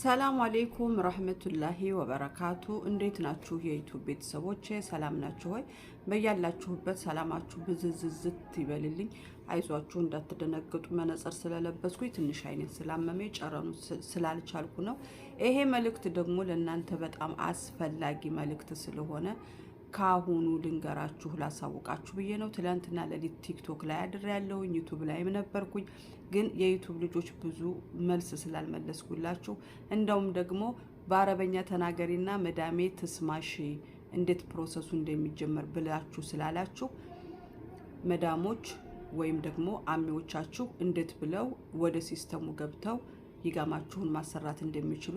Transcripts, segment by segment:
ሰላም አሌይኩም ረህመቱላሂ ወበረካቱ። እንዴት ናችሁ የዩቱብ ቤተሰቦች? ሰላም ናችሁ ሆይ? በያላችሁበት ሰላማችሁ ብዝዝዝት ይበልልኝ። አይዟችሁ እንዳትደነግጡ። መነጽር ስለለበስኩኝ ትንሽ አይነት ስላመመ ጨረኑ ስላልቻልኩ ነው። ይሄ መልእክት ደግሞ ለእናንተ በጣም አስፈላጊ መልእክት ስለሆነ ካሁኑ ልንገራችሁ ላሳውቃችሁ ብዬ ነው። ትላንትና ለሊት ቲክቶክ ላይ አድር ያለውኝ ዩቱብ ላይም ነበርኩኝ። ግን የዩቱብ ልጆች ብዙ መልስ ስላልመለስኩላችሁ እንደውም ደግሞ በአረበኛ ተናገሪና መዳሜ ትስማሽ እንዴት ፕሮሰሱ እንደሚጀመር ብላችሁ ስላላችሁ መዳሞች ወይም ደግሞ አሚዎቻችሁ እንዴት ብለው ወደ ሲስተሙ ገብተው ይጋማችሁን ማሰራት እንደሚችሉ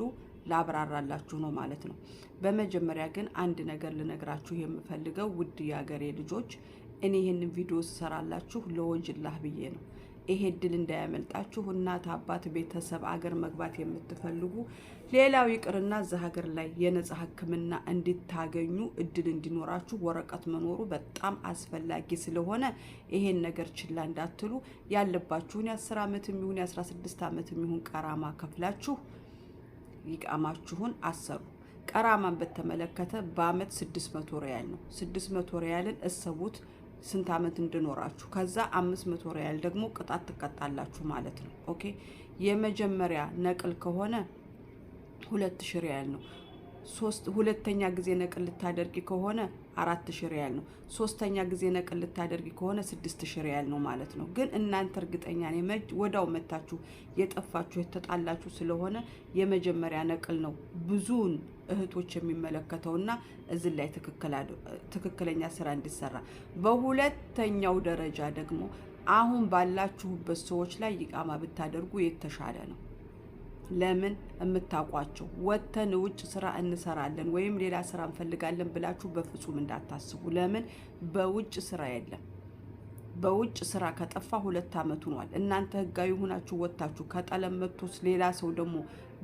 ላብራራላችሁ ነው ማለት ነው። በመጀመሪያ ግን አንድ ነገር ልነግራችሁ የምፈልገው ውድ የአገሬ ልጆች፣ እኔ ይህን ቪዲዮ ስሰራላችሁ ለወጅላህ ብዬ ነው። ይሄ እድል እንዳያመልጣችሁ። እናት አባት፣ ቤተሰብ፣ አገር መግባት የምትፈልጉ ሌላው ይቅርና እዛ ሀገር ላይ የነጻ ሕክምና እንድታገኙ እድል እንዲኖራችሁ ወረቀት መኖሩ በጣም አስፈላጊ ስለሆነ ይሄን ነገር ችላ እንዳትሉ ያለባችሁን የ10 ዓመት የሚሆን የ16 ዓመት የሚሆን ቀራማ ከፍላችሁ ይቃማችሁን አሰሩ። ቀራማን በተመለከተ በአመት 600 ሪያል ነው። 600 ሪያልን እሰቡት ስንት አመት እንድኖራችሁ። ከዛ 500 ሪያል ደግሞ ቅጣት ትቀጣላችሁ ማለት ነው። ኦኬ የመጀመሪያ ነቅል ከሆነ 2000 ሪያል ነው። ሶስት ሁለተኛ ጊዜ ነቅል ልታደርጊ ከሆነ አራት ሺ ሪያል ነው። ሶስተኛ ጊዜ ነቅል ልታደርጊ ከሆነ ስድስት ሺ ሪያል ነው ማለት ነው። ግን እናንተ እርግጠኛ ነኝ መጅ ወዳው መታችሁ የጠፋችሁ የተጣላችሁ ስለሆነ የመጀመሪያ ነቅል ነው ብዙውን እህቶች የሚመለከተውና እዚህ ላይ ትክክለኛ ስራ እንዲሰራ። በሁለተኛው ደረጃ ደግሞ አሁን ባላችሁበት ሰዎች ላይ ይቃማ ብታደርጉ የተሻለ ነው። ለምን የምታውቋቸው ወጥተን ውጭ ስራ እንሰራለን ወይም ሌላ ስራ እንፈልጋለን ብላችሁ በፍጹም እንዳታስቡ። ለምን በውጭ ስራ የለም። በውጭ ስራ ከጠፋ ሁለት አመት ሆኗል። እናንተ ህጋዊ ሆናችሁ ወጥታችሁ ከጠለም መጥቶስ ሌላ ሰው ደግሞ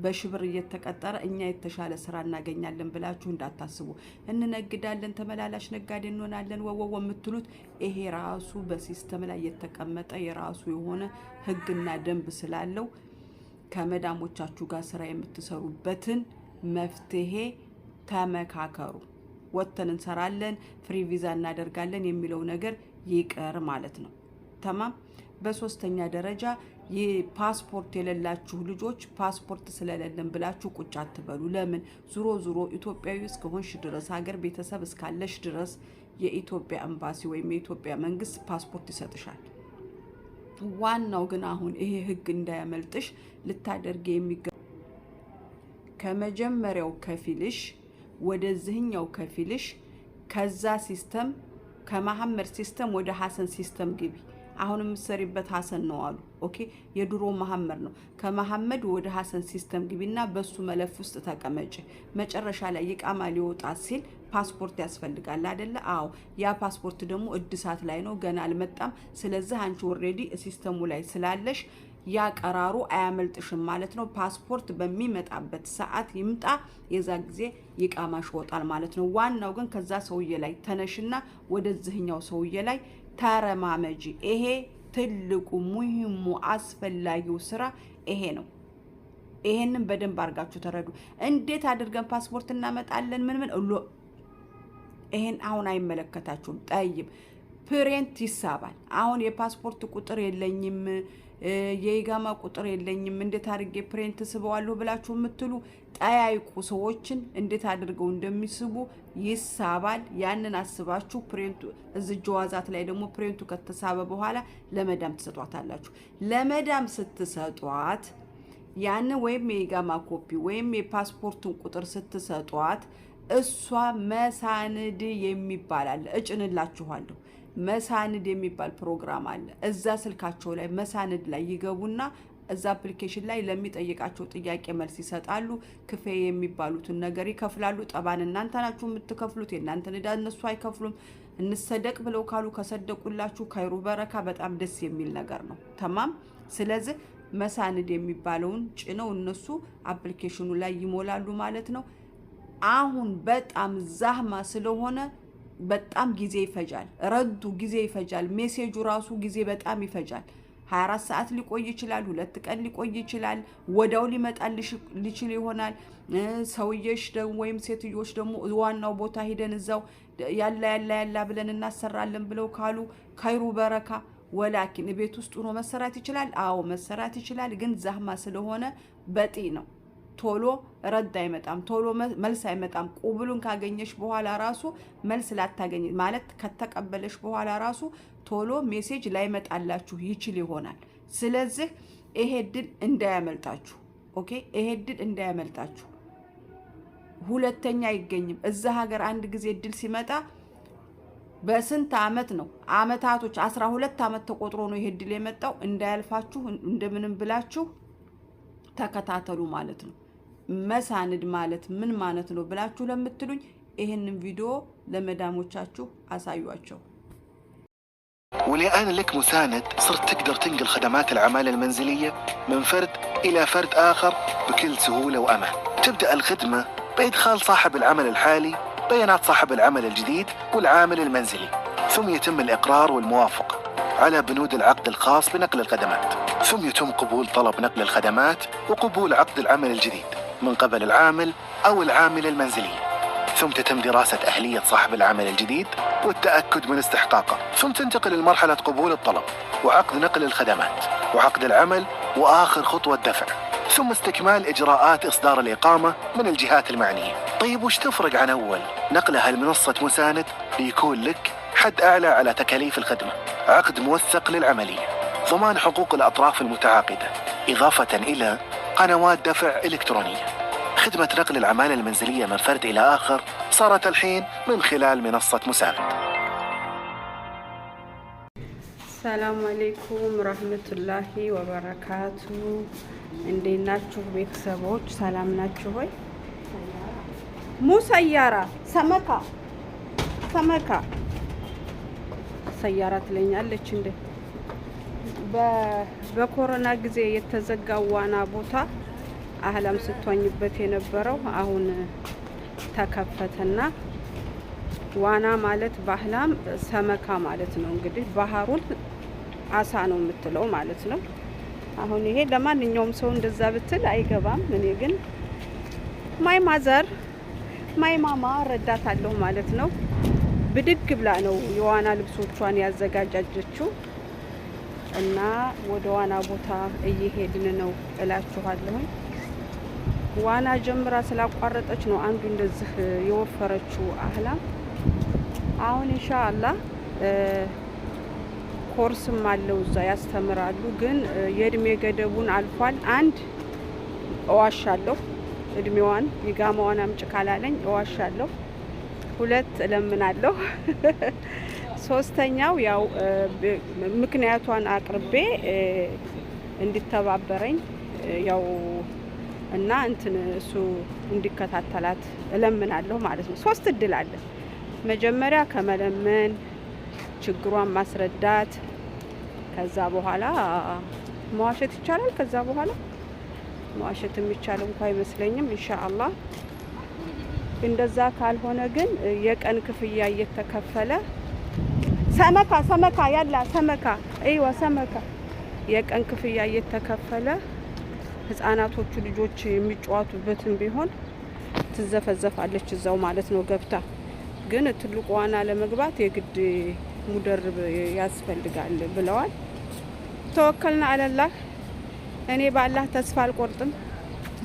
በሽብር እየተቀጠረ እኛ የተሻለ ስራ እናገኛለን ብላችሁ እንዳታስቡ። እንነግዳለን፣ ተመላላሽ ነጋዴ እንሆናለን ወወወ የምትሉት ይሄ ራሱ በሲስተም ላይ የተቀመጠ የራሱ የሆነ ህግና ደንብ ስላለው ከመዳሞቻችሁ ጋር ስራ የምትሰሩበትን መፍትሄ ተመካከሩ። ወጥተን እንሰራለን፣ ፍሪ ቪዛ እናደርጋለን የሚለው ነገር ይቀር ማለት ነው። ተማም። በሶስተኛ ደረጃ ይህ ፓስፖርት የሌላችሁ ልጆች ፓስፖርት ስለሌለን ብላችሁ ቁጭ አትበሉ። ለምን? ዙሮ ዙሮ ኢትዮጵያዊ እስከሆንሽ ድረስ ሀገር ቤተሰብ እስካለሽ ድረስ የኢትዮጵያ ኤምባሲ ወይም የኢትዮጵያ መንግስት ፓስፖርት ይሰጥሻል። ዋናው ግን አሁን ይሄ ህግ እንዳያመልጥሽ ልታደርግ የሚገ ከመጀመሪያው ከፊልሽ ወደዚህኛው ከፊልሽ ከዛ ሲስተም ከመሐመድ ሲስተም ወደ ሀሰን ሲስተም ግቢ። አሁን የምትሰሪበት ሀሰን ነው አሉ። ኦኬ የድሮ መሐመድ ነው። ከመሐመድ ወደ ሀሰን ሲስተም ግቢና በሱ መለፍ ውስጥ ተቀመጭ። መጨረሻ ላይ ይቃማ ሊወጣ ሲል ፓስፖርት ያስፈልጋል አደለ? አዎ። ያ ፓስፖርት ደግሞ እድሳት ላይ ነው፣ ገና አልመጣም። ስለዚህ አንቺ ኦልሬዲ ሲስተሙ ላይ ስላለሽ ያ ቀራሩ አያመልጥሽም ማለት ነው። ፓስፖርት በሚመጣበት ሰዓት ይምጣ፣ የዛ ጊዜ ይቃማሽ ወጣል ማለት ነው። ዋናው ግን ከዛ ሰውዬ ላይ ተነሽና ወደዚህኛው ሰውዬ ላይ ተረማመጂ። ይሄ ትልቁ ሙሂሙ አስፈላጊው ስራ ይሄ ነው። ይሄንን በደንብ አድርጋችሁ ተረዱ። እንዴት አድርገን ፓስፖርት እናመጣለን? ምን ምን ይሄን አሁን አይመለከታችሁም። ጠይብ ፕሬንት ይሳባል። አሁን የፓስፖርት ቁጥር የለኝም፣ የኢጋማ ቁጥር የለኝም፣ እንዴት አድርጌ ፕሬንት ስበዋለሁ ብላችሁ የምትሉ ጠያይቁ። ሰዎችን እንዴት አድርገው እንደሚስቡ ይሳባል። ያንን አስባችሁ ፕሬንቱ እዚህ ጀዋዛት ላይ ደግሞ ፕሬንቱ ከተሳበ በኋላ ለመዳም ትሰጧታላችሁ። ለመዳም ስትሰጧት ያንን ወይም የኢጋማ ኮፒ ወይም የፓስፖርቱን ቁጥር ስትሰጧት እሷ መሳንድ የሚባል አለ እጭንላችኋለሁ መሳንድ የሚባል ፕሮግራም አለ። እዛ ስልካቸው ላይ መሳንድ ላይ ይገቡና እዛ አፕሊኬሽን ላይ ለሚጠይቃቸው ጥያቄ መልስ ይሰጣሉ። ክፌ የሚባሉትን ነገር ይከፍላሉ። ጠባን እናንተ ናችሁ የምትከፍሉት። የእናንተን ዕዳ እነሱ አይከፍሉም። እንሰደቅ ብለው ካሉ ከሰደቁላችሁ ከይሩ በረካ። በጣም ደስ የሚል ነገር ነው። ተማም። ስለዚህ መሳንድ የሚባለውን ጭነው እነሱ አፕሊኬሽኑ ላይ ይሞላሉ ማለት ነው። አሁን በጣም ዛህማ ስለሆነ በጣም ጊዜ ይፈጃል። ረዱ ጊዜ ይፈጃል። ሜሴጁ ራሱ ጊዜ በጣም ይፈጃል። 24 ሰዓት ሊቆይ ይችላል። ሁለት ቀን ሊቆይ ይችላል። ወዳው ሊመጣል ሊችል ይሆናል። ደግሞ ወይም ሴትዮች ደግሞ ዋናው ቦታ ሂደን እዛው ያላ ያላ ያላ ብለን እናሰራለን ብለው ካሉ ከይሩ በረካ ወላኪን ቤት ውስጥ ሆኖ መሰራት ይችላል። አዎ መሰራት ይችላል። ግን ዛህማ ስለሆነ በጢ ነው። ቶሎ ረድ አይመጣም፣ ቶሎ መልስ አይመጣም። ቁብሉን ካገኘሽ በኋላ ራሱ መልስ ላታገኝ ማለት ከተቀበለሽ በኋላ ራሱ ቶሎ ሜሴጅ ላይመጣላችሁ ይችል ይሆናል። ስለዚህ ይሄ ድል እንዳያመልጣችሁ። ኦኬ፣ ይሄ ድል እንዳያመልጣችሁ። ሁለተኛ አይገኝም። እዛ ሀገር አንድ ጊዜ ድል ሲመጣ በስንት አመት ነው አመታቶች፣ አስራ ሁለት አመት ተቆጥሮ ነው ይሄ ድል የመጣው። እንዳያልፋችሁ እንደምንም ብላችሁ ተከታተሉ ማለት ነው። መሳንድ ማለት ምን ማለት ነው ብላችሁ ለምትሉኝ ይህንን ቪዲዮ ለመዳሞቻችሁ አሳዩአቸው። ولأن لك مساند صرت تقدر تنقل خدمات العمالة المنزلية من فرد إلى فرد آخر بكل سهولة وأمان تبدأ الخدمة بإدخال صاحب العمل الحالي بيانات صاحب العمل الجديد والعامل المنزلي ثم يتم الإقرار والموافقة على بنود العقد الخاص بنقل الخدمات ثم يتم قبول طلب نقل الخدمات وقبول عقد العمل الجديد من قبل العامل أو العاملة المنزلية ثم تتم دراسة أهلية صاحب العمل الجديد والتأكد من استحقاقه ثم تنتقل لمرحلة قبول الطلب وعقد نقل الخدمات وعقد العمل وآخر خطوة دفع ثم استكمال إجراءات إصدار الإقامة من الجهات المعنية طيب وش تفرق عن أول نقلها لمنصة مساند ليكون لك حد أعلى على تكاليف الخدمة عقد موثق للعملية ضمان حقوق الأطراف المتعاقدة إضافة إلى قنوات دفع إلكترونية خدمة نقل العمالة المنزلية من فرد إلى آخر صارت الحين من خلال منصة مساعد السلام عليكم ورحمة الله وبركاته እንዴት ናችሁ ቤተሰቦች? ሰላም ናችሁ ሆይ? ሙ سمكة سمكة ሰመካ ሰያራ ትለኛለች እንዴ በኮሮና ጊዜ የተዘጋው ዋና ቦታ አህላም ስትዋኝበት የነበረው አሁን ተከፈተና ዋና ማለት ባህላም ሰመካ ማለት ነው። እንግዲህ ባህሩን አሳ ነው የምትለው ማለት ነው። አሁን ይሄ ለማንኛውም ሰው እንደዛ ብትል አይገባም። እኔ ግን ማይ ማዘር ማይ ማማ አለሁ ማለት ነው። ብድግ ብላ ነው የዋና ልብሶቿን ያዘጋጃጀችው። እና ወደ ዋና ቦታ እየሄድን ነው እላችኋለሁኝ። ዋና ጀምራ ስላቋረጠች ነው አንዱ እንደዚህ የወፈረችው አህላም። አሁን ኢንሻአላህ ኮርስም አለው እዛ ያስተምራሉ፣ ግን የእድሜ ገደቡን አልፏል። አንድ እዋሻለሁ እድሜዋን የጋማዋን አምጭ ካላለኝ እዋሻለሁ። ሁለት እለምናለሁ። ሶስተኛው ያው ምክንያቷን አቅርቤ እንዲተባበረኝ ያው እና እንትን እሱ እንዲከታተላት እለምናለሁ ማለት ነው። ሶስት እድል አለ። መጀመሪያ ከመለመን ችግሯን ማስረዳት፣ ከዛ በኋላ መዋሸት ይቻላል። ከዛ በኋላ መዋሸት የሚቻል እንኳ አይመስለኝም። ኢንሻአላህ እንደዛ ካልሆነ ግን የቀን ክፍያ እየተከፈለ ሰመካ ሰመካ ያላ ሰመካ እይዋ ሰመካ የቀን ክፍያ እየተከፈለ ህጻናቶቹ ልጆች የሚጫወቱበትን ቢሆን ትዘፈዘፋለች እዛው ማለት ነው ገብታ። ግን ትልቁ ዋና ለመግባት የግድ ሙደርብ ያስፈልጋል ብለዋል። ተወከልና አለላህ እኔ ባላህ ተስፋ አልቆርጥም።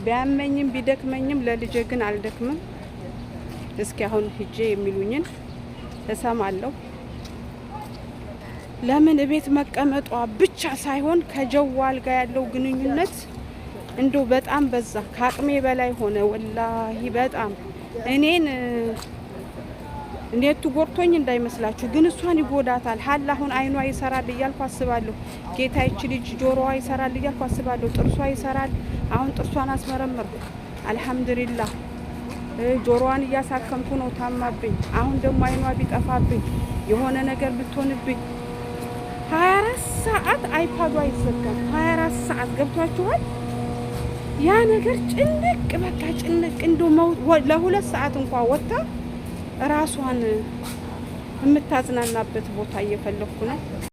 ቢያመኝም ቢደክመኝም ለልጄ ግን አልደክምም። እስኪ አሁን ሂጄ የሚሉኝን እሰማለሁ። ለምን እቤት መቀመጧ ብቻ ሳይሆን ከጀዋል ጋር ያለው ግንኙነት እንዶ በጣም በዛ፣ ከአቅሜ በላይ ሆነ። ወላሂ በጣም እኔን እንዴት ጎርቶኝ እንዳይመስላችሁ፣ ግን እሷን ይጎዳታል። ሀል አሁን አይኗ ይሰራል እያልኩ አስባለሁ። ጌታ ይች ልጅ ጆሮዋ ይሰራል እያልኩ አስባለሁ። ጥርሷ ይሰራል። አሁን ጥርሷን አስመረምር። አልሐምዱሊላ ጆሮዋን እያሳከምኩ ነው ታማብኝ። አሁን ደግሞ አይኗ ቢጠፋብኝ የሆነ ነገር ብትሆንብኝ 24 ሰዓት አይፓዱ አይዘጋም። 24 ሰዓት ገብቷችኋል። ያ ነገር ጭንቅ በቃ ጭንቅ እንደው ለሁለት ሰዓት እንኳ ወጥታ ራሷን የምታዝናናበት ቦታ እየፈለግኩ ነው።